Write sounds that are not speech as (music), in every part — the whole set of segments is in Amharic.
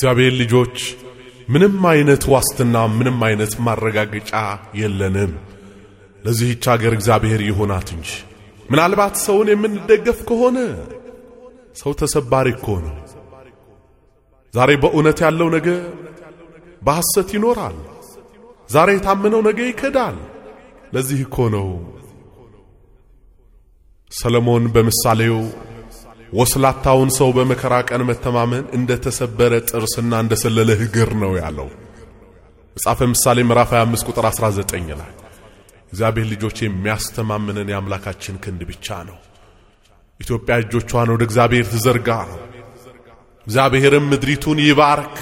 እግዚአብሔር ልጆች ምንም አይነት ዋስትና ምንም አይነት ማረጋገጫ የለንም። ለዚህች አገር እግዚአብሔር ይሆናት እንጂ ምናልባት ሰውን የምንደገፍ ከሆነ ሰው ተሰባሪ እኮ ነው። ዛሬ በእውነት ያለው ነገ በሐሰት ይኖራል። ዛሬ የታመነው ነገ ይከዳል። ለዚህ እኮ ነው ሰለሞን በምሳሌው ወስላታውን ሰው በመከራ ቀን መተማመን እንደ ተሰበረ ጥርስና እንደ ሰለለ እግር ነው ያለው። መጽሐፈ ምሳሌ ምዕራፍ 25 ቁጥር 19 ላይ እግዚአብሔር ልጆች የሚያስተማምነን የአምላካችን ክንድ ብቻ ነው። ኢትዮጵያ እጆቿን ወደ እግዚአብሔር ትዘርጋ፣ እግዚአብሔርም ምድሪቱን ይባርክ።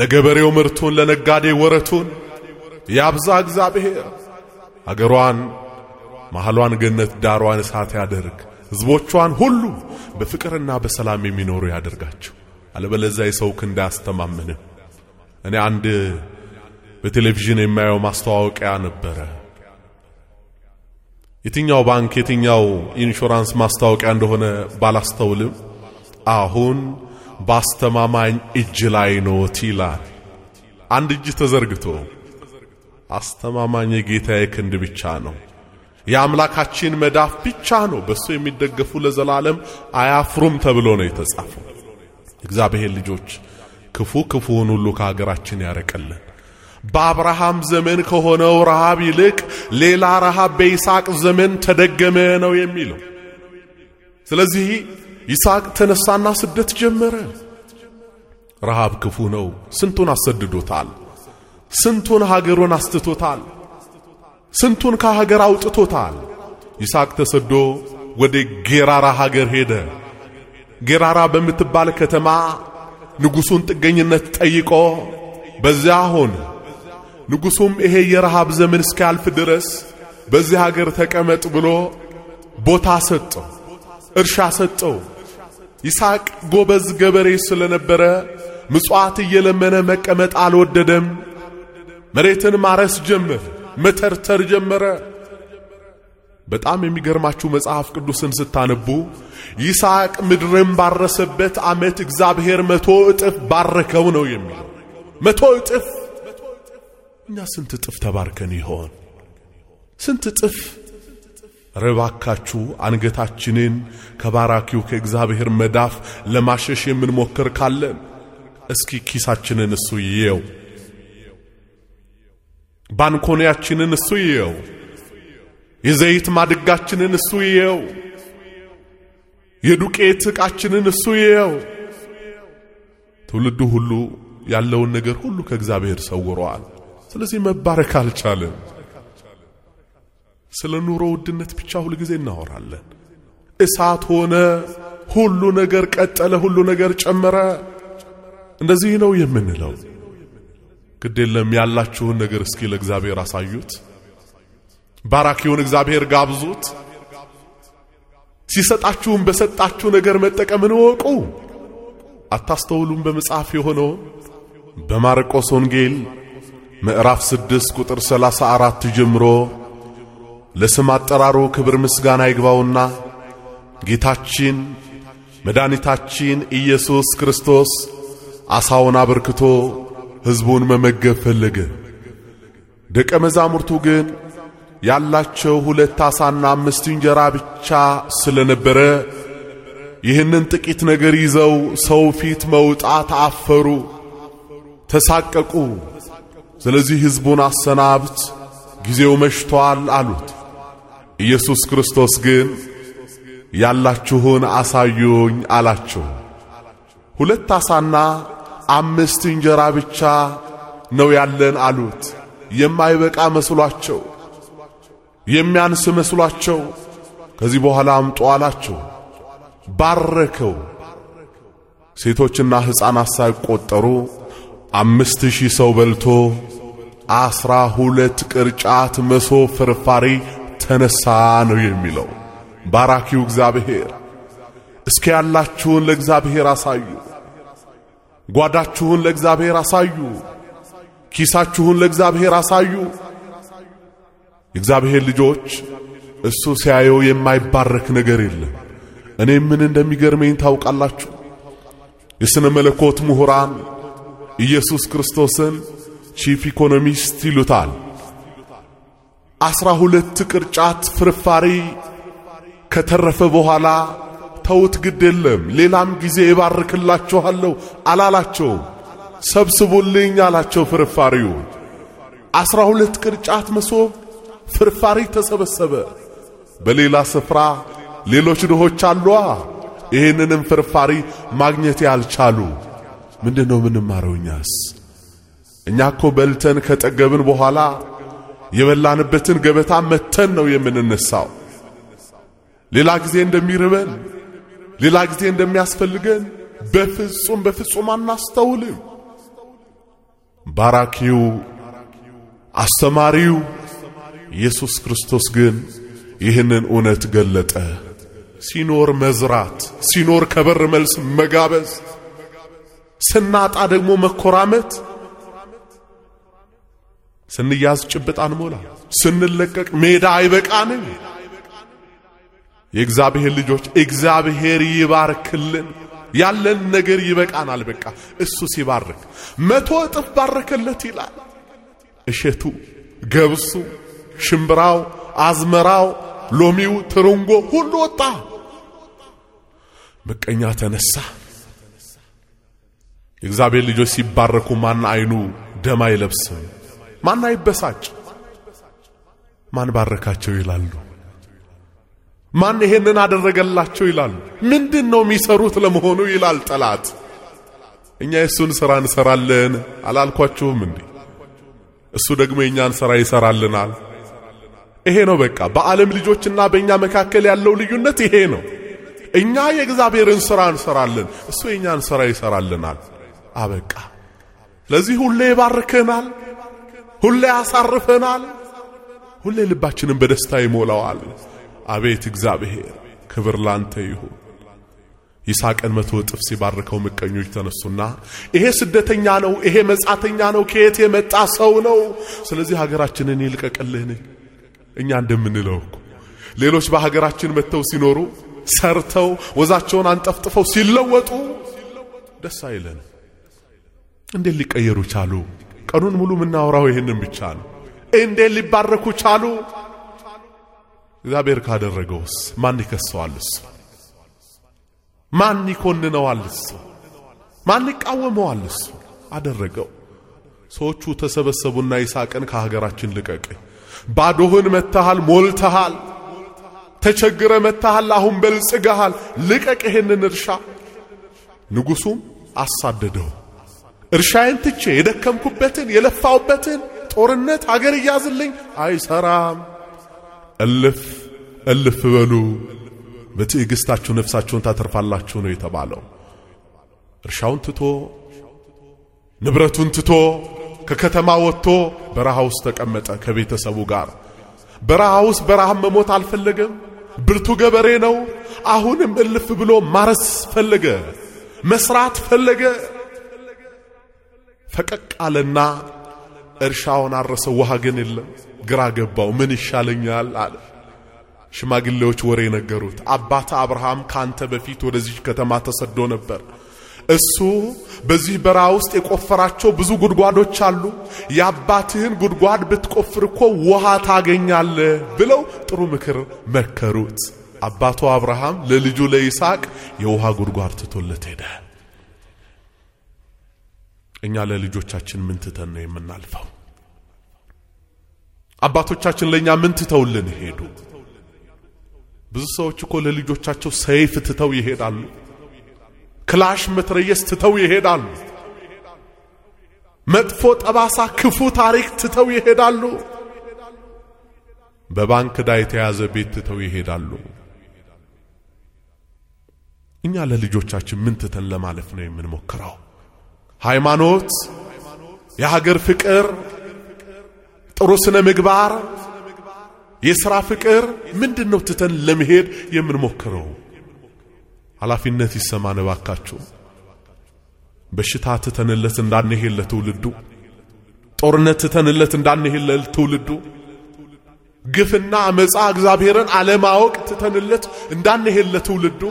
ለገበሬው ምርቱን፣ ለነጋዴ ወረቱን ያብዛ እግዚአብሔር። አገሯን ማህሏን ገነት፣ ዳሯን እሳት ያደርግ። ህዝቦቿን ሁሉ በፍቅርና በሰላም የሚኖሩ ያደርጋቸው። አለበለዚያ የሰው ክንድ አያስተማምንም። እኔ አንድ በቴሌቪዥን የማየው ማስተዋወቂያ ነበረ። የትኛው ባንክ የትኛው ኢንሹራንስ ማስታወቂያ እንደሆነ ባላስተውልም አሁን በአስተማማኝ እጅ ላይ ኖት ይላል። አንድ እጅ ተዘርግቶ አስተማማኝ የጌታዬ ክንድ ብቻ ነው። የአምላካችን መዳፍ ብቻ ነው። በሱ የሚደገፉ ለዘላለም አያፍሩም ተብሎ ነው የተጻፈው። እግዚአብሔር ልጆች ክፉ ክፉውን ሁሉ ከሀገራችን ያረቀልን። በአብርሃም ዘመን ከሆነው ረሃብ ይልቅ ሌላ ረሃብ በይስሐቅ ዘመን ተደገመ ነው የሚለው። ስለዚህ ይስሐቅ ተነሳና ስደት ጀመረ። ረሃብ ክፉ ነው። ስንቱን አሰድዶታል። ስንቱን ሀገሩን አስትቶታል። ስንቱን ከሀገር አውጥቶታል። ይስሐቅ ተሰዶ ወደ ጌራራ ሀገር ሄደ። ጌራራ በምትባል ከተማ ንጉሡን ጥገኝነት ጠይቆ በዚያ ሆነ። ንጉሡም ይሄ የረሃብ ዘመን እስኪያልፍ ድረስ በዚህ ሀገር ተቀመጥ ብሎ ቦታ ሰጠው፣ እርሻ ሰጠው። ይስሐቅ ጎበዝ ገበሬ ስለነበረ ምጽዋት እየለመነ መቀመጥ አልወደደም። መሬትን ማረስ ጀመር። መተርተር ጀመረ። በጣም የሚገርማችሁ መጽሐፍ ቅዱስን ስታነቡ ይስሐቅ ምድርን ባረሰበት ዓመት እግዚአብሔር መቶ እጥፍ ባረከው ነው የሚል መቶ እጥፍ። እኛ ስንት እጥፍ ተባርከን ይሆን? ስንት እጥፍ? ረባካችሁ አንገታችንን ከባራኪው ከእግዚአብሔር መዳፍ ለማሸሽ የምንሞክር ካለን እስኪ ኪሳችንን እሱ ይየው። ባንኮኒያችንን እሱ ይየው፣ የዘይት ማድጋችንን እሱ ይየው፣ የዱቄት ዕቃችንን እሱ ይየው። ትውልዱ ሁሉ ያለውን ነገር ሁሉ ከእግዚአብሔር ሰውሯል። ስለዚህ መባረክ አልቻለም። ስለ ኑሮ ውድነት ብቻ ሁል ጊዜ እናወራለን። እሳት ሆነ፣ ሁሉ ነገር ቀጠለ፣ ሁሉ ነገር ጨመረ። እንደዚህ ነው የምንለው። ግዴለም ያላችሁን ነገር እስኪ ለእግዚአብሔር አሳዩት። ባራኪውን እግዚአብሔር ጋብዙት። ሲሰጣችሁም በሰጣችሁ ነገር መጠቀምን እወቁ። አታስተውሉም? በመጽሐፍ የሆነው በማርቆስ ወንጌል ምዕራፍ 6 ቁጥር 34 ጀምሮ ለስም አጠራሩ ክብር ምስጋና ይግባውና ጌታችን መድኃኒታችን ኢየሱስ ክርስቶስ አሳውን አበርክቶ ሕዝቡን መመገብ ፈለገ። ደቀ መዛሙርቱ ግን ያላቸው ሁለት ዓሣና አምስት እንጀራ ብቻ ስለነበረ ይህንን ጥቂት ነገር ይዘው ሰው ፊት መውጣት አፈሩ፣ ተሳቀቁ። ስለዚህ ሕዝቡን አሰናብት፣ ጊዜው መሽቷል አሉት። ኢየሱስ ክርስቶስ ግን ያላችሁን አሳዩኝ አላቸው። ሁለት ዓሣና አምስት እንጀራ ብቻ ነው ያለን አሉት። የማይበቃ መስሏቸው፣ የሚያንስ መስሏቸው ከዚህ በኋላ አምጡ አላቸው። ባረከው። ሴቶችና ሕፃናት ሳይቆጠሩ አምስት ሺህ ሰው በልቶ አስራ ሁለት ቅርጫት መሶ ፍርፋሪ ተነሳ ነው የሚለው። ባራኪው እግዚአብሔር እስኪ ያላችሁን ለእግዚአብሔር አሳዩ። ጓዳችሁን ለእግዚአብሔር አሳዩ። ኪሳችሁን ለእግዚአብሔር አሳዩ። የእግዚአብሔር ልጆች እሱ ሲያየው የማይባረክ ነገር የለም። እኔ ምን እንደሚገርመኝ ታውቃላችሁ? የሥነ መለኮት ምሁራን ኢየሱስ ክርስቶስን ቺፍ ኢኮኖሚስት ይሉታል። አስራ ሁለት ቅርጫት ፍርፋሪ ከተረፈ በኋላ ተውት፣ ግድ የለም ሌላም ጊዜ እባርክላችኋለሁ አላላቸው። ሰብስቡልኝ አላቸው ፍርፋሪው። አስራ ሁለት ቅርጫት መሶብ ፍርፋሪ ተሰበሰበ። በሌላ ስፍራ ሌሎች ድሆች አሏ። ይህንንም ፍርፋሪ ማግኘት ያልቻሉ ምንድነው የምንማረው እኛስ እኛ እኮ በልተን ከጠገብን በኋላ የበላንበትን ገበታ መተን ነው የምንነሳው። ሌላ ጊዜ እንደሚርበን ሌላ ጊዜ እንደሚያስፈልገን በፍጹም በፍጹም አናስተውልም። ባራኪው አስተማሪው ኢየሱስ ክርስቶስ ግን ይህንን እውነት ገለጠ። ሲኖር መዝራት፣ ሲኖር ከበር መልስ መጋበዝ፣ ስናጣ ደግሞ መኮራመት፣ ስንያዝ ጭብጥ አንሞላ፣ ስንለቀቅ ሜዳ አይበቃንም። የእግዚአብሔር ልጆች እግዚአብሔር ይባርክልን። ያለን ነገር ይበቃናል። በቃ እሱ ሲባርክ መቶ እጥፍ ባረከለት ይላል። እሸቱ፣ ገብሱ፣ ሽምብራው፣ አዝመራው፣ ሎሚው፣ ትርንጎ ሁሉ ወጣ። ምቀኛ ተነሳ። የእግዚአብሔር ልጆች ሲባረኩ ማን አይኑ ደም አይለብስም? ማን አይበሳጭ? ማን ባረካቸው ይላሉ። ማን ይሄንን አደረገላቸው ይላሉ። ምንድን ነው የሚሰሩት ለመሆኑ ይላል ጠላት። እኛ የእሱን ሥራ እንሰራለን አላልኳችሁም እንዴ? እሱ ደግሞ የእኛን ሥራ ይሰራልናል። ይሄ ነው በቃ በዓለም ልጆችና በእኛ መካከል ያለው ልዩነት ይሄ ነው። እኛ የእግዚአብሔርን ሥራ እንሰራለን፣ እሱ የእኛን ሥራ ይሰራልናል። አበቃ። ለዚህ ሁሌ ይባርከናል፣ ሁሌ ያሳርፈናል፣ ሁሌ ልባችንን በደስታ ይሞላዋል። አቤት እግዚአብሔር ክብር ላንተ ይሁን። ይስሐቅን መቶ እጥፍ ሲባርከው ምቀኞች ተነሱና ይሄ ስደተኛ ነው፣ ይሄ መጻተኛ ነው፣ ከየት የመጣ ሰው ነው? ስለዚህ ሀገራችንን ይልቀቅልን። እኛ እንደምንለው እኮ ሌሎች በሀገራችን መጥተው ሲኖሩ ሰርተው ወዛቸውን አንጠፍጥፈው ሲለወጡ ደስ አይለን። እንዴት ሊቀየሩ ቻሉ? ቀኑን ሙሉ የምናወራው ይህንን ብቻ ነው። እንዴት ሊባረኩ ቻሉ? እግዚአብሔር ካደረገውስ ማን ይከሰዋልስ? ማን ይኮንነዋልስ? ማን ይቃወመዋልስ? አደረገው። ሰዎቹ ተሰበሰቡና ይስሐቅን ከሀገራችን ልቀቀኝ፣ ባዶህን መታሃል፣ ሞልተሃል፣ ተቸግረ መታሃል፣ አሁን በልጽገሃል፣ ልቀቅ ይሄንን እርሻ። ንጉሡም አሳደደው። እርሻዬን ትቼ የደከምኩበትን የለፋውበትን ጦርነት አገር እያዝልኝ አይሰራም እልፍ እልፍ በሉ በትዕግሥታችሁ ነፍሳችሁን ታተርፋላችሁ ነው የተባለው። እርሻውን ትቶ ንብረቱን ትቶ ከከተማ ወጥቶ በረሃ ውስጥ ተቀመጠ ከቤተሰቡ ጋር። በረሃ ውስጥ በረሃም መሞት አልፈለገም። ብርቱ ገበሬ ነው። አሁንም እልፍ ብሎ ማረስ ፈለገ፣ መስራት ፈለገ። ፈቀቅ አለና እርሻውን አረሰው። ውሃ ግን የለም። ግራ ገባው። ምን ይሻለኛል አለ። ሽማግሌዎች ወሬ ነገሩት። አባት አብርሃም ካንተ በፊት ወደዚህ ከተማ ተሰዶ ነበር። እሱ በዚህ በረሃ ውስጥ የቆፈራቸው ብዙ ጉድጓዶች አሉ። የአባትህን ጉድጓድ ብትቆፍር እኮ ውሃ ታገኛለህ ብለው ጥሩ ምክር መከሩት። አባቱ አብርሃም ለልጁ ለይስሐቅ የውሃ ጉድጓድ ትቶለት ሄደ። እኛ ለልጆቻችን ምን ትተን ነው የምናልፈው? አባቶቻችን ለእኛ ምን ትተውልን ሄዱ? ብዙ ሰዎች እኮ ለልጆቻቸው ሰይፍ ትተው ይሄዳሉ። ክላሽ መትረየስ ትተው ይሄዳሉ። መጥፎ ጠባሳ፣ ክፉ ታሪክ ትተው ይሄዳሉ። በባንክ ዕዳ የተያዘ ቤት ትተው ይሄዳሉ። እኛ ለልጆቻችን ምን ትተን ለማለፍ ነው የምንሞክረው? ሃይማኖት፣ የሀገር ፍቅር ጥሩ ስነ ምግባር፣ የሥራ ፍቅር ምንድን ነው ትተን ለመሄድ የምንሞክረው? ኃላፊነት ይሰማን እባካችሁ። በሽታ ትተንለት እንዳንሄድ ለትውልዱ፣ ጦርነት ትተንለት እንዳንሄድ ለትውልዱ፣ ግፍና መጻ እግዚአብሔርን አለማወቅ ትተንለት እንዳንሄድ ለትውልዱ።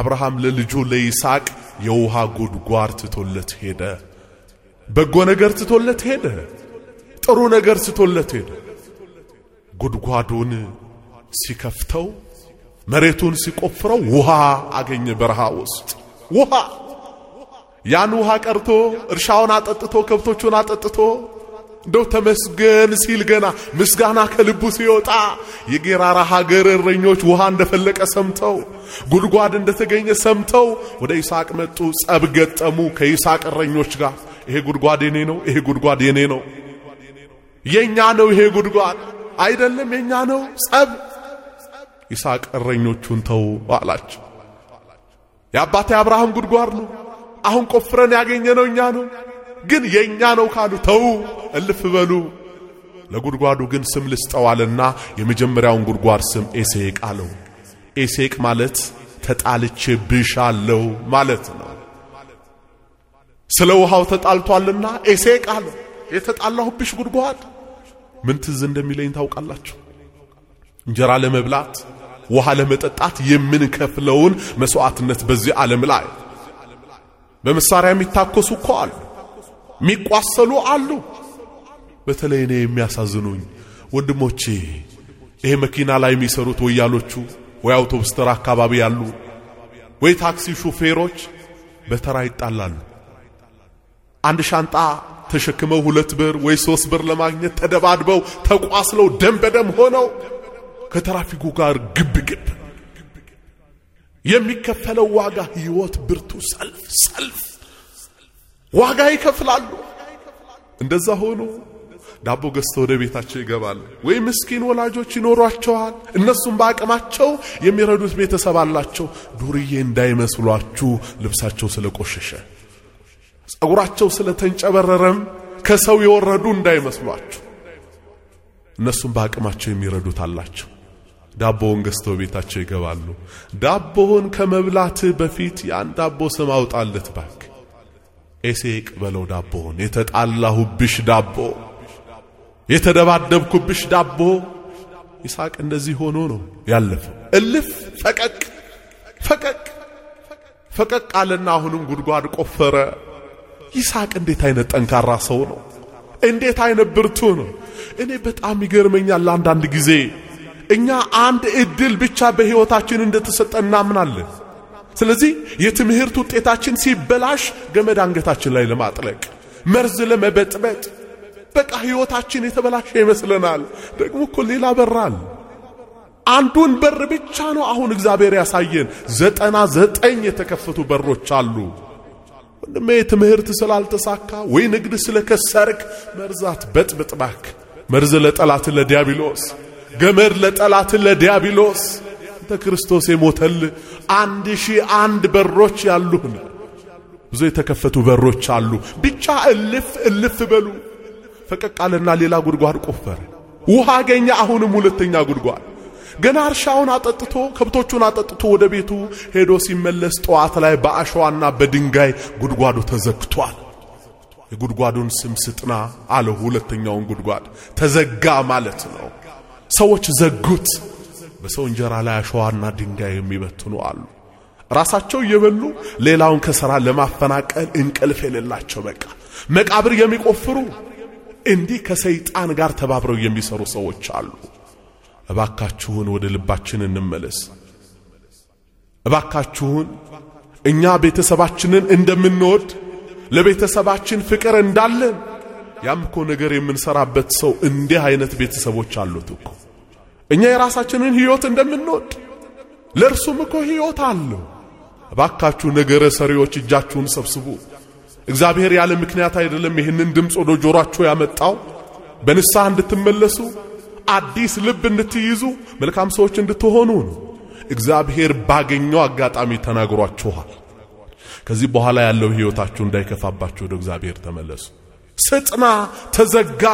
አብርሃም ለልጁ ለይስሐቅ የውሃ ጉድጓድ ትቶለት ሄደ። በጎ ነገር ትቶለት ሄደ። ጥሩ ነገር ስቶለት ሄደ። ጉድጓዱን ሲከፍተው መሬቱን ሲቆፍረው ውሃ አገኘ። በረሃ ውስጥ ውሃ ያን ውሃ ቀርቶ እርሻውን አጠጥቶ ከብቶቹን አጠጥቶ እንደው ተመስገን ሲል ገና ምስጋና ከልቡ ሲወጣ የጌራራ ሀገር እረኞች ውሃ እንደፈለቀ ሰምተው ጉድጓድ እንደተገኘ ሰምተው ወደ ይስሐቅ መጡ። ጸብ ገጠሙ ከይስሐቅ እረኞች ጋር። ይሄ ጉድጓድ የኔ ነው፣ ይሄ ጉድጓድ የኔ ነው የኛ ነው ይሄ ጉድጓድ አይደለም የኛ ነው ጸብ ይስሐቅ እረኞቹን ተው አላቸው የአባቴ አብርሃም ጉድጓድ ነው አሁን ቆፍረን ያገኘነው እኛ ነው ግን የኛ ነው ካሉ ተው እልፍ በሉ ለጉድጓዱ ግን ስም ልስጠዋልና የመጀመሪያውን ጉድጓድ ስም ኤሴቅ አለው ኤሴቅ ማለት ተጣልቼ ብሻለው ማለት ነው ስለ ውሃው ተጣልቷልና ኤሴቅ አለው የተጣላሁብሽ ጉድጓድ ምን ትዝ እንደሚለኝ ታውቃላችሁ? እንጀራ ለመብላት ውሃ ለመጠጣት የምንከፍለውን መስዋዕትነት በዚህ ዓለም ላይ በመሳሪያ የሚታኮሱ እኮ አሉ፣ የሚቋሰሉ አሉ። በተለይ እኔ የሚያሳዝኑኝ ወንድሞቼ ይሄ መኪና ላይ የሚሰሩት ወያሎቹ ወይ አውቶቡስ ተራ አካባቢ ያሉ ወይ ታክሲ ሹፌሮች በተራ ይጣላሉ። አንድ ሻንጣ ተሸክመው ሁለት ብር ወይ ሶስት ብር ለማግኘት ተደባድበው ተቋስለው ደም በደም ሆነው ከትራፊኩ ጋር ግብ ግብ የሚከፈለው ዋጋ ህይወት ብርቱ ሰልፍ ሰልፍ ዋጋ ይከፍላሉ። እንደዛ ሆኖ ዳቦ ገዝቶ ወደ ቤታቸው ይገባል ወይ ምስኪን ወላጆች ይኖሯቸዋል። እነሱም በአቅማቸው የሚረዱት ቤተሰብ አላቸው። ዱርዬ እንዳይመስሏችሁ ልብሳቸው ስለቆሸሸ ጸጉራቸው ስለተንጨበረረም ከሰው የወረዱ እንዳይመስሏችሁ። እነሱም በአቅማቸው የሚረዱት አላቸው። ዳቦውን ገዝተው ቤታቸው ይገባሉ። ዳቦውን ከመብላትህ በፊት ያን ዳቦ ስም አውጣለት ባክ። ኤሴቅ በለው ዳቦውን፣ የተጣላሁብሽ ዳቦ፣ የተደባደብኩብሽ ዳቦ። ይስሐቅ እንደዚህ ሆኖ ነው ያለፈው። እልፍ ፈቀቅ ፈቀቅ ፈቀቅ አለና አሁንም ጉድጓድ ቆፈረ። ይስሐቅ እንዴት አይነት ጠንካራ ሰው ነው! እንዴት አይነት ብርቱ ነው! እኔ በጣም ይገርመኛል። አንዳንድ ጊዜ እኛ አንድ እድል ብቻ በሕይወታችን እንደተሰጠን እናምናለን። ስለዚህ የትምህርት ውጤታችን ሲበላሽ ገመድ አንገታችን ላይ ለማጥለቅ መርዝ ለመበጥበጥ በቃ ሕይወታችን የተበላሸ ይመስለናል። ደግሞ እኮ ሌላ በራል አንዱን በር ብቻ ነው አሁን እግዚአብሔር ያሳየን። ዘጠና ዘጠኝ የተከፈቱ በሮች አሉ። ወንድሜ ትምህርት ስላልተሳካ ወይ ንግድ ስለከሰርክ መርዛት በጥብጥ ባክ መርዝ ለጠላት ለዲያብሎስ ገመድ ለጠላት ለዲያብሎስ አንተ ክርስቶስ የሞተል አንድ ሺህ አንድ በሮች ያሉህን ብዙ የተከፈቱ በሮች አሉ። ብቻ እልፍ እልፍ በሉ። ፈቀቅ አለና ሌላ ጉድጓድ ቆፈረ። ውሃ አገኘ። አሁንም ሁለተኛ ጉድጓድ ገና እርሻውን አጠጥቶ ከብቶቹን አጠጥቶ ወደ ቤቱ ሄዶ ሲመለስ ጠዋት ላይ በአሸዋና በድንጋይ ጉድጓዱ ተዘግቷል። የጉድጓዱን ስም ስጥና አለ። ሁለተኛውን ጉድጓድ ተዘጋ ማለት ነው። ሰዎች ዘጉት። በሰው እንጀራ ላይ አሸዋና ድንጋይ የሚበትኑ አሉ። ራሳቸው እየበሉ ሌላውን ከሥራ ለማፈናቀል እንቅልፍ የሌላቸው በቃ መቃብር የሚቆፍሩ እንዲህ ከሰይጣን ጋር ተባብረው የሚሰሩ ሰዎች አሉ። እባካችሁን ወደ ልባችን እንመለስ። እባካችሁን እኛ ቤተሰባችንን እንደምንወድ ለቤተሰባችን ፍቅር እንዳለን ያም እኮ ነገር የምንሰራበት ሰው እንዲህ አይነት ቤተሰቦች አሉት እኮ። እኛ የራሳችንን ህይወት እንደምንወድ ለእርሱም እኮ ህይወት አለው። እባካችሁ ነገረ ሰሪዎች እጃችሁን ሰብስቡ። እግዚአብሔር ያለ ምክንያት አይደለም ይህንን ድምፅ ወደ ጆሯችሁ ያመጣው። በንስሐ እንድትመለሱ አዲስ ልብ እንድትይዙ መልካም ሰዎች እንድትሆኑ ነው እግዚአብሔር ባገኘው አጋጣሚ ተናግሯችኋል። ከዚህ በኋላ ያለው ህይወታችሁ እንዳይከፋባችሁ ወደ እግዚአብሔር ተመለሱ። ስጥና ተዘጋ።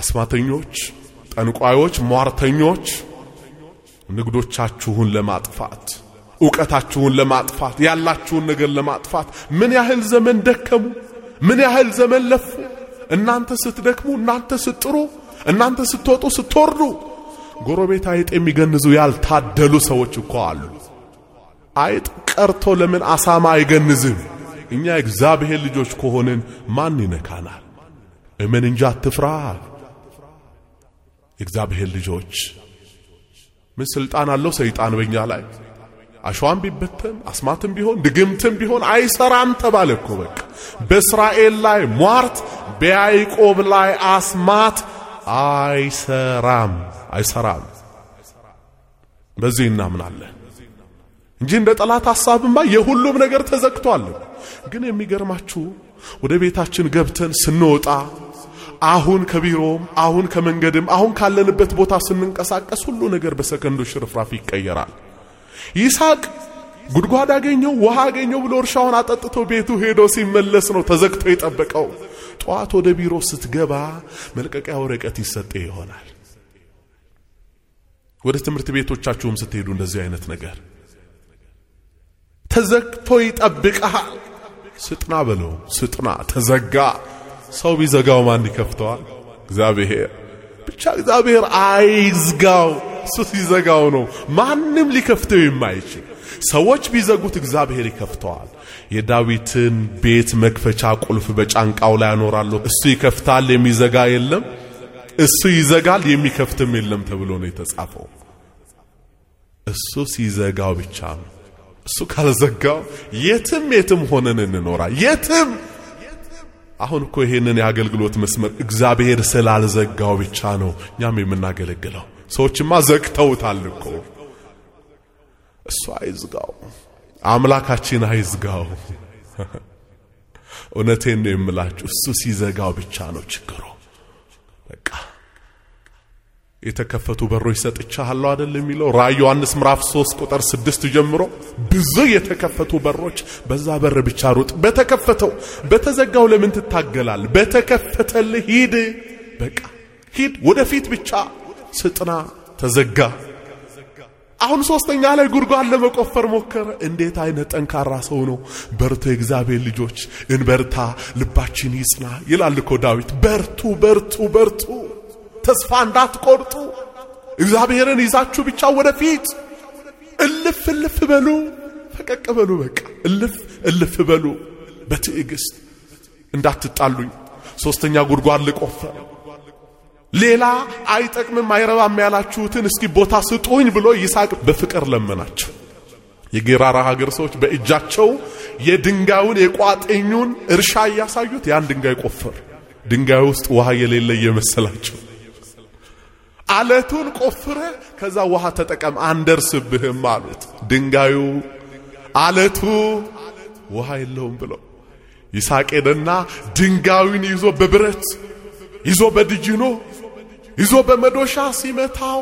አስማተኞች፣ ጠንቋዮች፣ ሟርተኞች ንግዶቻችሁን ለማጥፋት እውቀታችሁን ለማጥፋት ያላችሁን ነገር ለማጥፋት ምን ያህል ዘመን ደከሙ? ምን ያህል ዘመን ለፉ? እናንተ ስትደክሙ፣ እናንተ ስትጥሩ፣ እናንተ ስትወጡ ስትወርዱ ጎረቤት አይጥ የሚገንዙ ያልታደሉ ሰዎች እኮ አሉ። አይጥ ቀርቶ ለምን አሳማ አይገንዝም? እኛ እግዚአብሔር ልጆች ከሆንን ማን ይነካናል? እመን እንጂ አትፍራ። እግዚአብሔር ልጆች ምን ስልጣን አለው ሰይጣን በእኛ ላይ? አሸዋም ቢበተን አስማትም ቢሆን ድግምትም ቢሆን አይሰራም ተባለ እኮ። በቃ በእስራኤል ላይ ሟርት፣ በያይቆብ ላይ አስማት አይሰራም አይሰራም። በዚህ እናምናለን እንጂ እንደ ጠላት ሐሳብማ የሁሉም ነገር ተዘግቷል። ግን የሚገርማችሁ ወደ ቤታችን ገብተን ስንወጣ አሁን ከቢሮም አሁን ከመንገድም አሁን ካለንበት ቦታ ስንንቀሳቀስ ሁሉ ነገር በሰከንዶች ርፍራፍ ይቀየራል። ይስሐቅ ጉድጓድ አገኘው፣ ውሃ አገኘው ብሎ እርሻውን አጠጥቶ ቤቱ ሄዶ ሲመለስ ነው ተዘግቶ የጠበቀው። ጠዋት ወደ ቢሮ ስትገባ መልቀቂያ ወረቀት ይሰጥ ይሆናል። ወደ ትምህርት ቤቶቻችሁም ስትሄዱ እንደዚህ አይነት ነገር ተዘግቶ ይጠብቀሃል። ስጥና በለው ስጥና ተዘጋ። ሰው ቢዘጋው ማን ይከፍተዋል? እግዚአብሔር ብቻ። እግዚአብሔር አይዝጋው። እሱ ሲዘጋው ነው ማንም ሊከፍተው የማይችል። ሰዎች ቢዘጉት እግዚአብሔር ይከፍተዋል። የዳዊትን ቤት መክፈቻ ቁልፍ በጫንቃው ላይ ያኖራለሁ። እሱ ይከፍታል፣ የሚዘጋ የለም። እሱ ይዘጋል፣ የሚከፍትም የለም ተብሎ ነው የተጻፈው። እሱ ሲዘጋው ብቻ ነው። እሱ ካልዘጋው የትም የትም ሆነን እንኖራ የትም አሁን እኮ ይሄንን የአገልግሎት መስመር እግዚአብሔር ስላልዘጋው ብቻ ነው እኛም የምናገለግለው። ሰዎችማ ዘግተውታል እኮ እሱ አይዝጋው፣ አምላካችን አይዝጋው። (laughs) እውነቴን ነው የምላችሁ፣ እሱ ሲዘጋው ብቻ ነው ችግሩ። በቃ የተከፈቱ በሮች ሰጥቻለሁ አይደል የሚለው ራ ዮሐንስ ምራፍ 3 ቁጥር 6 ጀምሮ ብዙ የተከፈቱ በሮች፣ በዛ በር ብቻ ሩጥ። በተከፈተው በተዘጋው ለምን ትታገላል? በተከፈተልህ ሂድ፣ በቃ ሂድ ወደፊት ብቻ ስጥና ተዘጋ። አሁን ሶስተኛ ላይ ጉድጓድ ለመቆፈር ሞከረ። እንዴት አይነት ጠንካራ ሰው ነው! በርቱ የእግዚአብሔር ልጆች እንበርታ፣ ልባችን ይጽና ይላል እኮ ዳዊት። በርቱ፣ በርቱ፣ በርቱ፣ ተስፋ እንዳትቆርጡ፣ እግዚአብሔርን ይዛችሁ ብቻ ወደፊት እልፍ እልፍ በሉ፣ ፈቀቅ በሉ፣ በቃ እልፍ እልፍ በሉ፣ በትዕግስት እንዳትጣሉኝ። ሶስተኛ ጉድጓድ ልቆፈር ሌላ አይጠቅምም አይረባም ያላችሁትን እስኪ ቦታ ስጡኝ ብሎ ይስሐቅ በፍቅር ለመናቸው። የጌራራ ሀገር ሰዎች በእጃቸው የድንጋዩን የቋጠኙን እርሻ እያሳዩት ያን ድንጋይ ቆፈሩ። ድንጋይ ውስጥ ውሃ የሌለ እየመሰላቸው አለቱን ቆፍረ ከዛ ውሃ ተጠቀም አንደርስብህም አሉት። ድንጋዩ አለቱ ውሃ የለውም ብለው ይስሐቅ ሄደና ድንጋዩን ይዞ በብረት ይዞ በድጅኖ ይዞ በመዶሻ ሲመታው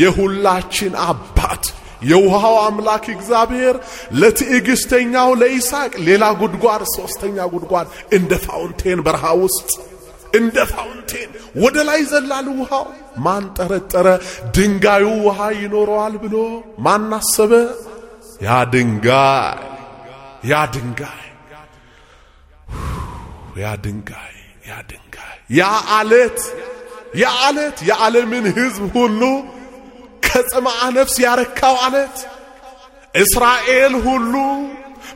የሁላችን አባት የውሃው አምላክ እግዚአብሔር ለትዕግስተኛው ለይስሐቅ ሌላ ጉድጓድ ሶስተኛ ጉድጓድ እንደ ፋውንቴን በረሃ ውስጥ እንደ ፋውንቴን ወደ ላይ ዘላል ውሃው ማን ጠረጠረ? ድንጋዩ ውሃ ይኖረዋል ብሎ ማን አሰበ? ያ ድንጋይ ያ ድንጋይ ያ ድንጋይ ያ ድንጋይ ያ አለት የዓለት የዓለምን ሕዝብ ሁሉ ከጽምዓ ነፍስ ያረካው ዓለት እስራኤል ሁሉ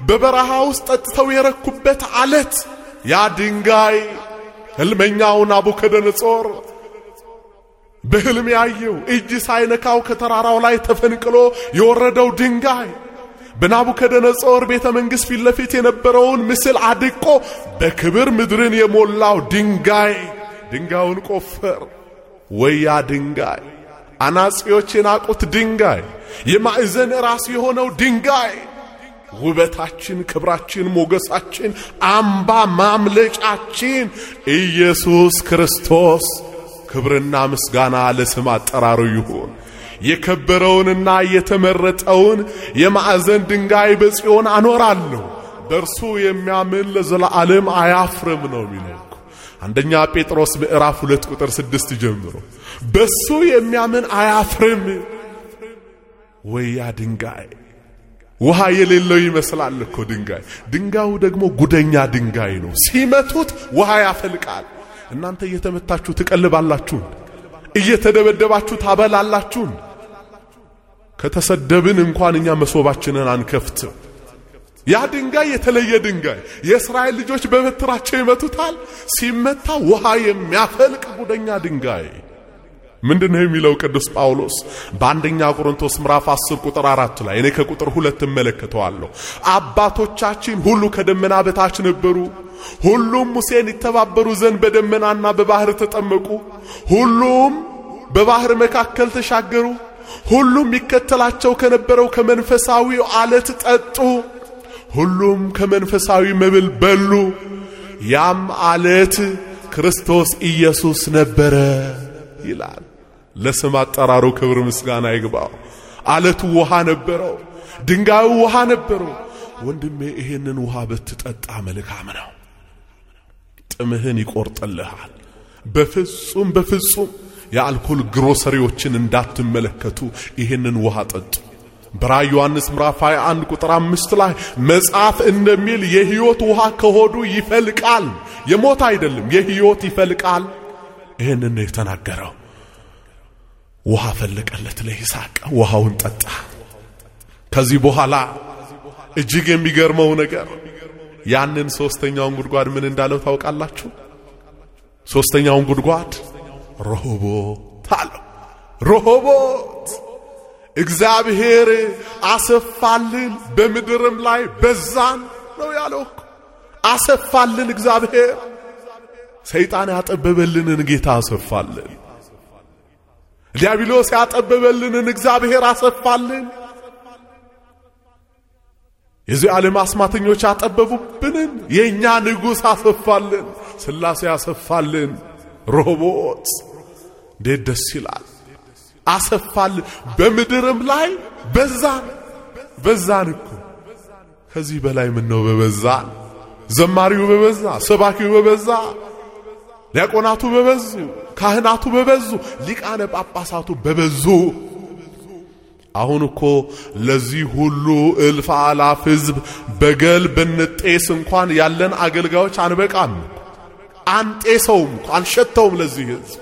በበረሃ ውስጥ ጠጥተው የረኩበት ዓለት ያ ድንጋይ ሕልመኛው ናቡከደነጾር በሕልም ያየው እጅ ሳይነካው ከተራራው ላይ ተፈንቅሎ የወረደው ድንጋይ በናቡከደነጾር ቤተ መንግሥት ፊት ለፊት የነበረውን ምስል አድቆ በክብር ምድርን የሞላው ድንጋይ ድንጋዩን ቆፈር ወያ ድንጋይ አናጺዎች የናቁት ድንጋይ የማዕዘን ራስ የሆነው ድንጋይ ውበታችን፣ ክብራችን፣ ሞገሳችን፣ አምባ ማምለጫችን ኢየሱስ ክርስቶስ ክብርና ምስጋና ለስም አጠራሩ ይሁን። የከበረውንና የተመረጠውን የማዕዘን ድንጋይ በጽዮን አኖራለሁ፣ በእርሱ የሚያምን ለዘላለም አያፍርም ነው የሚለው። አንደኛ ጴጥሮስ ምዕራፍ ሁለት ቁጥር ስድስት ጀምሮ በሱ የሚያምን አያፍርም። ወያ ድንጋይ ውሃ የሌለው ይመስላል እኮ ድንጋይ። ድንጋዩ ደግሞ ጉደኛ ድንጋይ ነው። ሲመቱት ውሃ ያፈልቃል። እናንተ እየተመታችሁ ትቀልባላችሁን? እየተደበደባችሁ ታበላላችሁን? ከተሰደብን እንኳን እኛ መሶባችንን አንከፍትም። ያ ድንጋይ የተለየ ድንጋይ የእስራኤል ልጆች በበትራቸው ይመቱታል። ሲመታ ውሃ የሚያፈልቅ ጉደኛ ድንጋይ ምንድነው የሚለው ቅዱስ ጳውሎስ በአንደኛ ቆሮንቶስ ምዕራፍ 10 ቁጥር 4 ላይ እኔ ከቁጥር 2 እመለከተዋለሁ። አባቶቻችን ሁሉ ከደመና በታች ነበሩ፣ ሁሉም ሙሴን ይተባበሩ ዘንድ በደመናና በባህር ተጠመቁ፣ ሁሉም በባህር መካከል ተሻገሩ፣ ሁሉም ይከተላቸው ከነበረው ከመንፈሳዊው አለት ጠጡ። ሁሉም ከመንፈሳዊ መብል በሉ። ያም አለት ክርስቶስ ኢየሱስ ነበረ ይላል። ለስም አጠራሩ ክብር ምስጋና ይግባው። አለቱ ውሃ ነበረው፣ ድንጋዩ ውሃ ነበረው። ወንድሜ ይሄንን ውሃ ብትጠጣ መልካም ነው። ጥምህን ይቆርጥልሃል። በፍጹም በፍጹም የአልኮል ግሮሰሪዎችን እንዳትመለከቱ ይህንን ውሃ ጠጡ። በራዕይ ዮሐንስ ምዕራፍ 21 ቁጥር 5 ላይ መጽሐፍ እንደሚል የህይወት ውሃ ከሆዱ ይፈልቃል። የሞት አይደለም፣ የህይወት ይፈልቃል። ይህንን የተናገረው ውሃ ፈለቀለት ለይስሐቅ፣ ውሃውን ጠጣ። ከዚህ በኋላ እጅግ የሚገርመው ነገር ያንን ሶስተኛውን ጉድጓድ ምን እንዳለው ታውቃላችሁ? ሶስተኛውን ጉድጓድ ሮሆቦት አለው። ሮሆቦት እግዚአብሔር አሰፋልን በምድርም ላይ በዛን ነው ያለው። አሰፋልን እግዚአብሔር ሰይጣን ያጠበበልንን ጌታ አሰፋልን። ዲያብሎስ ያጠበበልንን እግዚአብሔር አሰፋልን። የዚህ ዓለም አስማተኞች ያጠበቡብንን የእኛ ንጉሥ አሰፋልን። ስላሴ አሰፋልን። ሮቦት እንዴት ደስ ይላል! አሰፋል በምድርም ላይ በዛን በዛን እኮ ከዚህ በላይ ምን ነው በበዛ ዘማሪው በበዛ ሰባኪው በበዛ ዲያቆናቱ በበዙ ካህናቱ በበዙ ሊቃነ ጳጳሳቱ በበዙ አሁን እኮ ለዚህ ሁሉ እልፍ አላፍ ህዝብ በገል ብንጤስ እንኳን ያለን አገልጋዮች አንበቃም አንጤሰውም አንሸተውም ለዚህ ህዝብ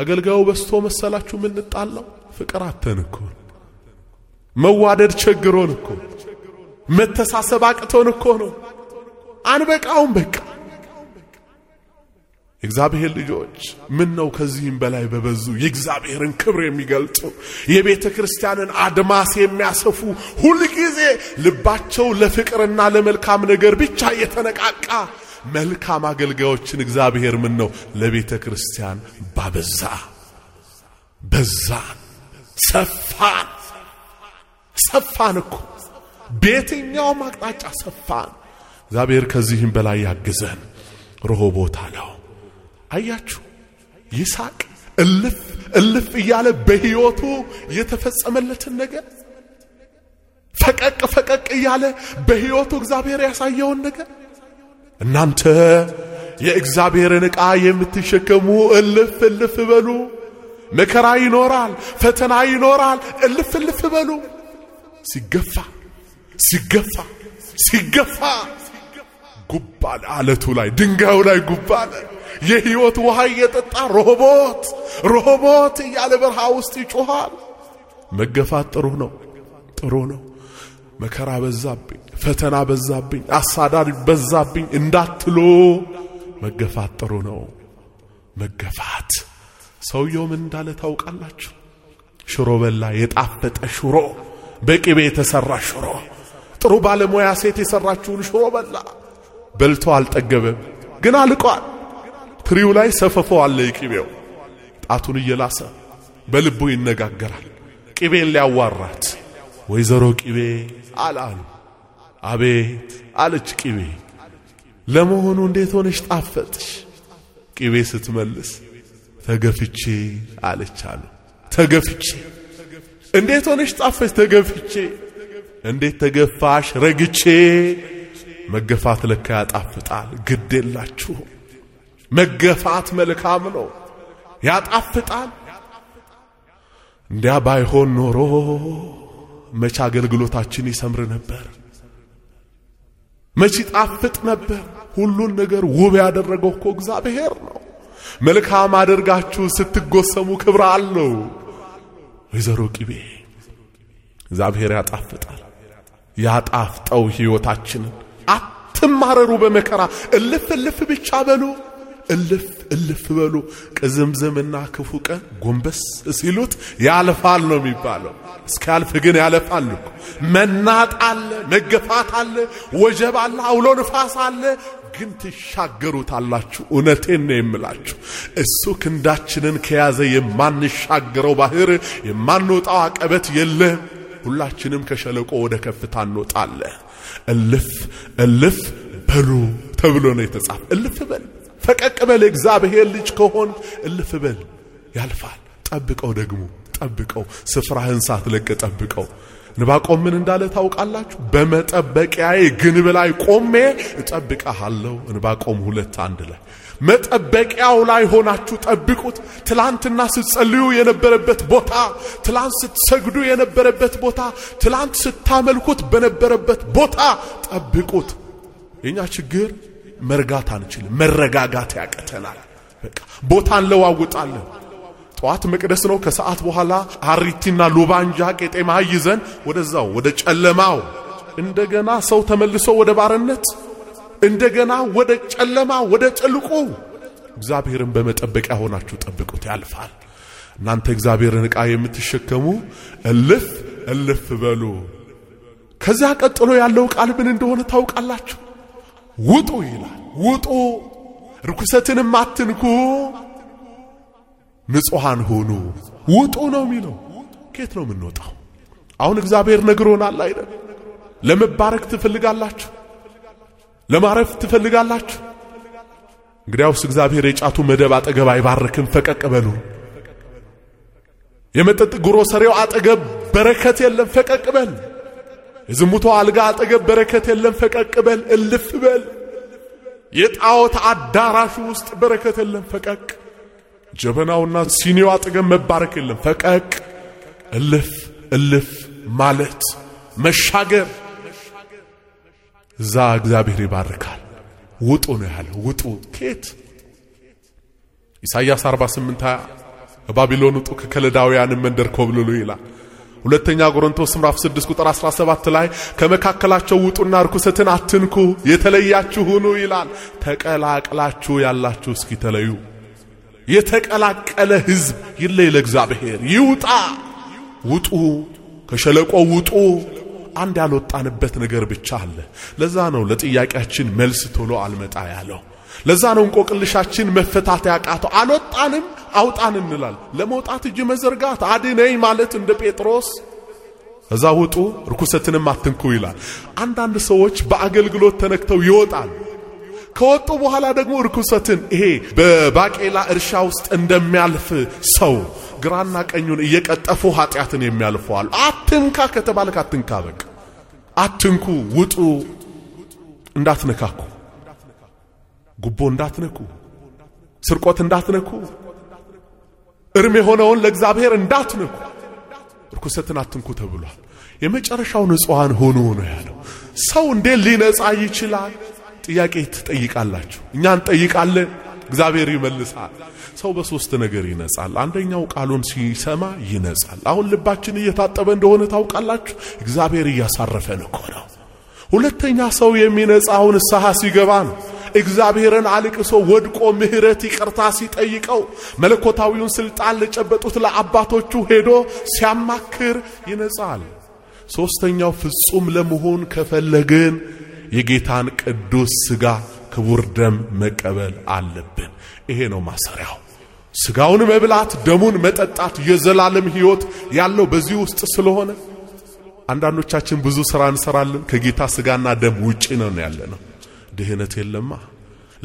አገልጋዩ በስቶ መሰላችሁ የምንጣላው? ፍቅር አተን እኮ መዋደድ ቸግሮን እኮ መተሳሰብ አቅቶን እኮ ነው። አንበቃውም በቃ። እግዚአብሔር ልጆች ምን ነው ከዚህም በላይ በበዙ የእግዚአብሔርን ክብር የሚገልጹ የቤተ ክርስቲያንን አድማስ የሚያሰፉ ሁልጊዜ ልባቸው ለፍቅርና ለመልካም ነገር ብቻ እየተነቃቃ መልካም አገልጋዮችን እግዚአብሔር ምን ነው ለቤተ ክርስቲያን ባበዛ በዛ ሰፋን ሰፋን እኮ በየትኛውም አቅጣጫ ሰፋን። እግዚአብሔር ከዚህም በላይ ያግዘን። ቦታ አለው። አያችሁ ይስሐቅ እልፍ እልፍ እያለ በሕይወቱ የተፈጸመለትን ነገር ፈቀቅ ፈቀቅ እያለ በሕይወቱ እግዚአብሔር ያሳየውን ነገር እናንተ የእግዚአብሔርን ዕቃ የምትሸከሙ እልፍ እልፍ በሉ። መከራ ይኖራል፣ ፈተና ይኖራል። እልፍ እልፍ በሉ። ሲገፋ ሲገፋ ሲገፋ ጉባል አለቱ ላይ ድንጋዩ ላይ ጉባል የህይወት ውሃ እየጠጣ ሮቦት ሮቦት እያለ በረሃ ውስጥ ይጮኋል። መገፋት ጥሩ ነው፣ ጥሩ ነው። መከራ በዛብኝ፣ ፈተና በዛብኝ፣ አሳዳድ በዛብኝ እንዳትሎ መገፋት ጥሩ ነው። መገፋት ሰውየው ምን እንዳለ ታውቃላችሁ? ሽሮ በላ፣ የጣፈጠ ሽሮ፣ በቅቤ የተሰራ ሽሮ። ጥሩ ባለሙያ ሴት የሰራችውን ሽሮ በላ። በልቶ አልጠገበም፣ ግን አልቋል። ትሪው ላይ ሰፈፎ አለ። የቅቤው ጣቱን እየላሰ በልቡ ይነጋገራል። ቅቤን ሊያዋራት ወይዘሮ ቅቤ አላሉ። አቤት አለች ቅቤ። ለመሆኑ እንዴት ሆነሽ ጣፈጥሽ? ቅቤ ስትመልስ ተገፍቼ አለች አሉ። ተገፍቼ እንዴት ሆነሽ ጣፈች? ተገፍቼ እንዴት ተገፋሽ? ረግቼ መገፋት ለካ ያጣፍጣል። ግድ የላችሁ መገፋት መልካም ነው፣ ያጣፍጣል። እንዲያ ባይሆን ኖሮ መቼ አገልግሎታችን ይሰምር ነበር? መቼ ጣፍጥ ነበር? ሁሉን ነገር ውብ ያደረገው እኮ እግዚአብሔር ነው። መልካም አድርጋችሁ ስትጎሰሙ ክብር አለው። ወይዘሮ ቅቤ እግዚአብሔር ያጣፍጣል። ያጣፍጠው ሕይወታችንን አትማረሩ በመከራ እልፍ እልፍ ብቻ በሉ። እልፍ እልፍ በሉ ቅዝምዝምና ክፉ ቀን ጎንበስ ሲሉት ያልፋል ነው የሚባለው። እስኪያልፍ ግን ያለፋል እኮ። መናጥ አለ፣ መገፋት አለ፣ ወጀብ አለ፣ አውሎ ንፋስ አለ። ግን ትሻገሩታላችሁ። እውነቴን ነው የምላችሁ። እሱ ክንዳችንን ከያዘ የማንሻገረው ባህር የማንወጣው አቀበት የለም። ሁላችንም ከሸለቆ ወደ ከፍታ እንወጣለን። እልፍ እልፍ በሉ ተብሎ ነው የተጻፈ። እልፍ በሉ ፈቀቅ በል። እግዚአብሔር ልጅ ከሆን እልፍ በል። ያልፋል። ጠብቀው፣ ደግሞ ጠብቀው፣ ስፍራህን ሳትለቅ ጠብቀው። ንባቆም ምን እንዳለ ታውቃላችሁ? በመጠበቂያዬ ግንብ ላይ ቆሜ እጠብቀሃለሁ። ንባቆም ሁለት አንድ ላይ መጠበቂያው ላይ ሆናችሁ ጠብቁት። ትላንትና ስትጸልዩ የነበረበት ቦታ፣ ትላንት ስትሰግዱ የነበረበት ቦታ፣ ትላንት ስታመልኩት በነበረበት ቦታ ጠብቁት። የኛ ችግር መርጋት አንችልም። መረጋጋት ያቀተናል። በቃ ቦታ እንለዋውጣለን። ጠዋት መቅደስ ነው። ከሰዓት በኋላ አሪቲና ሉባንጃ ቄጤማ ይዘን ወደዛው ወደ ጨለማው እንደገና ሰው ተመልሶ ወደ ባርነት እንደገና ወደ ጨለማ ወደ ጭልቁ እግዚአብሔርን በመጠበቂያ ሆናችሁ ጠብቁት፣ ያልፋል። እናንተ እግዚአብሔርን ዕቃ የምትሸከሙ እልፍ እልፍ በሉ። ከዚያ ቀጥሎ ያለው ቃል ምን እንደሆነ ታውቃላችሁ። ውጡ ይላል። ውጡ፣ ርኩሰትንም አትንኩ፣ ንጹሐን ሁኑ፣ ውጡ ነው የሚለው። ከየት ነው የምንወጣው? አሁን እግዚአብሔር ነግሮናል አይደል? ለመባረክ ትፈልጋላችሁ፣ ለማረፍ ትፈልጋላችሁ። እንግዲያውስ እግዚአብሔር የጫቱ መደብ አጠገብ አይባርክም። ፈቀቅ በሉ። የመጠጥ ግሮሰሪው አጠገብ በረከት የለም። ፈቀቅ በል። ዝሙቶ አልጋ አጠገብ በረከት የለም። ፈቀቅ በል እልፍ በል። የጣዖት አዳራሹ ውስጥ በረከት የለም። ፈቀቅ ጀበናውና ሲኒው አጠገብ መባረክ የለም። ፈቀቅ እልፍ እልፍ ማለት መሻገር። እዛ እግዚአብሔር ይባርካል። ውጡ ነው ያለ ውጡ ኬት ኢሳይያስ 48 ባቢሎን ውጡ ከከለዳውያንም መንደር ኮብልሉ ይላል። ሁለተኛ ቆሮንቶስ ምዕራፍ 6 ቁጥር 17 ላይ ከመካከላቸው ውጡና ርኩሰትን አትንኩ፣ የተለያችሁ ሁኑ ይላል። ተቀላቅላችሁ ያላችሁ እስኪ ተለዩ። የተቀላቀለ ህዝብ ይለይ ለእግዚአብሔር ይውጣ። ውጡ፣ ከሸለቆ ውጡ። አንድ ያልወጣንበት ነገር ብቻ አለ። ለዛ ነው ለጥያቄያችን መልስ ቶሎ አልመጣ ያለው። ለዛ ነው እንቆቅልሻችን መፈታት ያቃተው። አልወጣንም አውጣን እንላል። ለመውጣት እጅ መዘርጋት አድነኝ ማለት እንደ ጴጥሮስ እዛ ውጡ ርኩሰትንም አትንኩ ይላል። አንዳንድ ሰዎች በአገልግሎት ተነክተው ይወጣል። ከወጡ በኋላ ደግሞ ርኩሰትን ይሄ በባቄላ እርሻ ውስጥ እንደሚያልፍ ሰው ግራና ቀኙን እየቀጠፉ ኃጢአትን የሚያልፈዋል። አትንካ ከተባልክ አትንካ፣ በቃ አትንኩ፣ ውጡ፣ እንዳትነካኩ ጉቦ እንዳትነኩ፣ ስርቆት እንዳትነኩ፣ እርም የሆነውን ለእግዚአብሔር እንዳትነኩ፣ ርኩሰትን አትንኩ ተብሏል። የመጨረሻው ንጹሐን ሆኑ ነው ያለው። ሰው እንዴት ሊነጻ ይችላል? ጥያቄ ትጠይቃላችሁ፣ እኛ እንጠይቃለን፣ እግዚአብሔር ይመልሳል። ሰው በሶስት ነገር ይነጻል። አንደኛው ቃሉን ሲሰማ ይነጻል። አሁን ልባችን እየታጠበ እንደሆነ ታውቃላችሁ። እግዚአብሔር እያሳረፈን እኮ ነው። ሁለተኛ ሰው የሚነጻውን ንስሐ ሲገባ ነው። እግዚአብሔርን አልቅሶ ወድቆ ምሕረት ይቅርታ ሲጠይቀው መለኮታዊውን ስልጣን ለጨበጡት ለአባቶቹ ሄዶ ሲያማክር ይነጻል። ሦስተኛው ፍጹም ለመሆን ከፈለግን የጌታን ቅዱስ ሥጋ ክቡር ደም መቀበል አለብን። ይሄ ነው ማሰሪያው። ሥጋውን መብላት ደሙን መጠጣት የዘላለም ሕይወት ያለው በዚህ ውስጥ ስለሆነ አንዳንዶቻችን ብዙ ስራ እንሰራለን፣ ከጌታ ስጋና ደም ውጪ ነው ያለ ነው። ድህነት የለማ።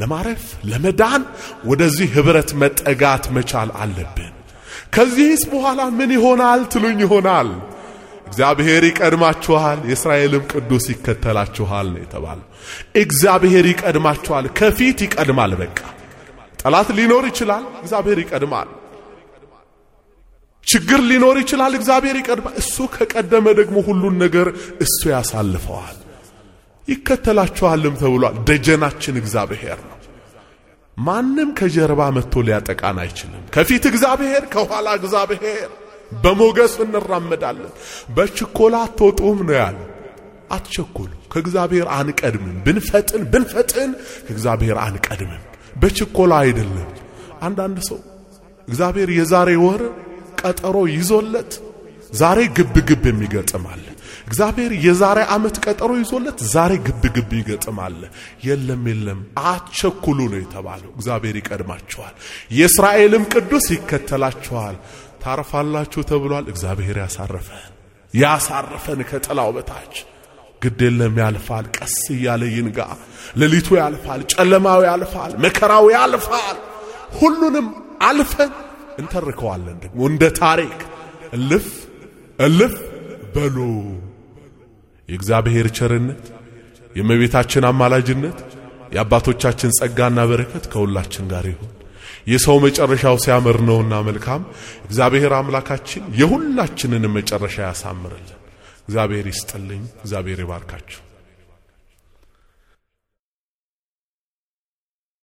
ለማረፍ ለመዳን ወደዚህ ህብረት መጠጋት መቻል አለብን። ከዚህስ በኋላ ምን ይሆናል ትሉኝ ይሆናል። እግዚአብሔር ይቀድማችኋል፣ የእስራኤልም ቅዱስ ይከተላችኋል ነው የተባለ። እግዚአብሔር ይቀድማችኋል፣ ከፊት ይቀድማል። በቃ ጠላት ሊኖር ይችላል፣ እግዚአብሔር ይቀድማል። ችግር ሊኖር ይችላል። እግዚአብሔር ይቀድማል። እሱ ከቀደመ ደግሞ ሁሉን ነገር እሱ ያሳልፈዋል፣ ይከተላችኋልም ተብሏል። ደጀናችን እግዚአብሔር ነው። ማንም ከጀርባ መጥቶ ሊያጠቃን አይችልም። ከፊት እግዚአብሔር፣ ከኋላ እግዚአብሔር። በሞገስ እንራመዳለን። በችኮላ አትወጡም ነው ያለ። አትቸኩሉ። ከእግዚአብሔር አንቀድምም። ብንፈጥን ብንፈጥን ከእግዚአብሔር አንቀድምም። በችኮላ አይደለም። አንዳንድ ሰው እግዚአብሔር የዛሬ ወር ቀጠሮ ይዞለት ዛሬ ግብ ግብ የሚገጥማል። እግዚአብሔር የዛሬ ዓመት ቀጠሮ ይዞለት ዛሬ ግብ ግብ ይገጥማል። የለም የለም አቸኩሉ ነው የተባለው። እግዚአብሔር ይቀድማቸዋል፣ የእስራኤልም ቅዱስ ይከተላቸዋል። ታርፋላችሁ ተብሏል። እግዚአብሔር ያሳረፈን ያሳረፈን ከጥላው በታች ግድ የለም ያልፋል። ቀስ እያለ ይንጋ። ሌሊቱ ያልፋል፣ ጨለማው ያልፋል፣ መከራው ያልፋል። ሁሉንም አልፈን እንተርከዋለን። ደግሞ እንደ ታሪክ እልፍ እልፍ በሉ። የእግዚአብሔር ቸርነት፣ የእመቤታችን አማላጅነት፣ የአባቶቻችን ጸጋና በረከት ከሁላችን ጋር ይሁን። የሰው መጨረሻው ሲያምር ነውና መልካም። እግዚአብሔር አምላካችን የሁላችንን መጨረሻ ያሳምርልን። እግዚአብሔር ይስጥልኝ። እግዚአብሔር ይባርካችሁ።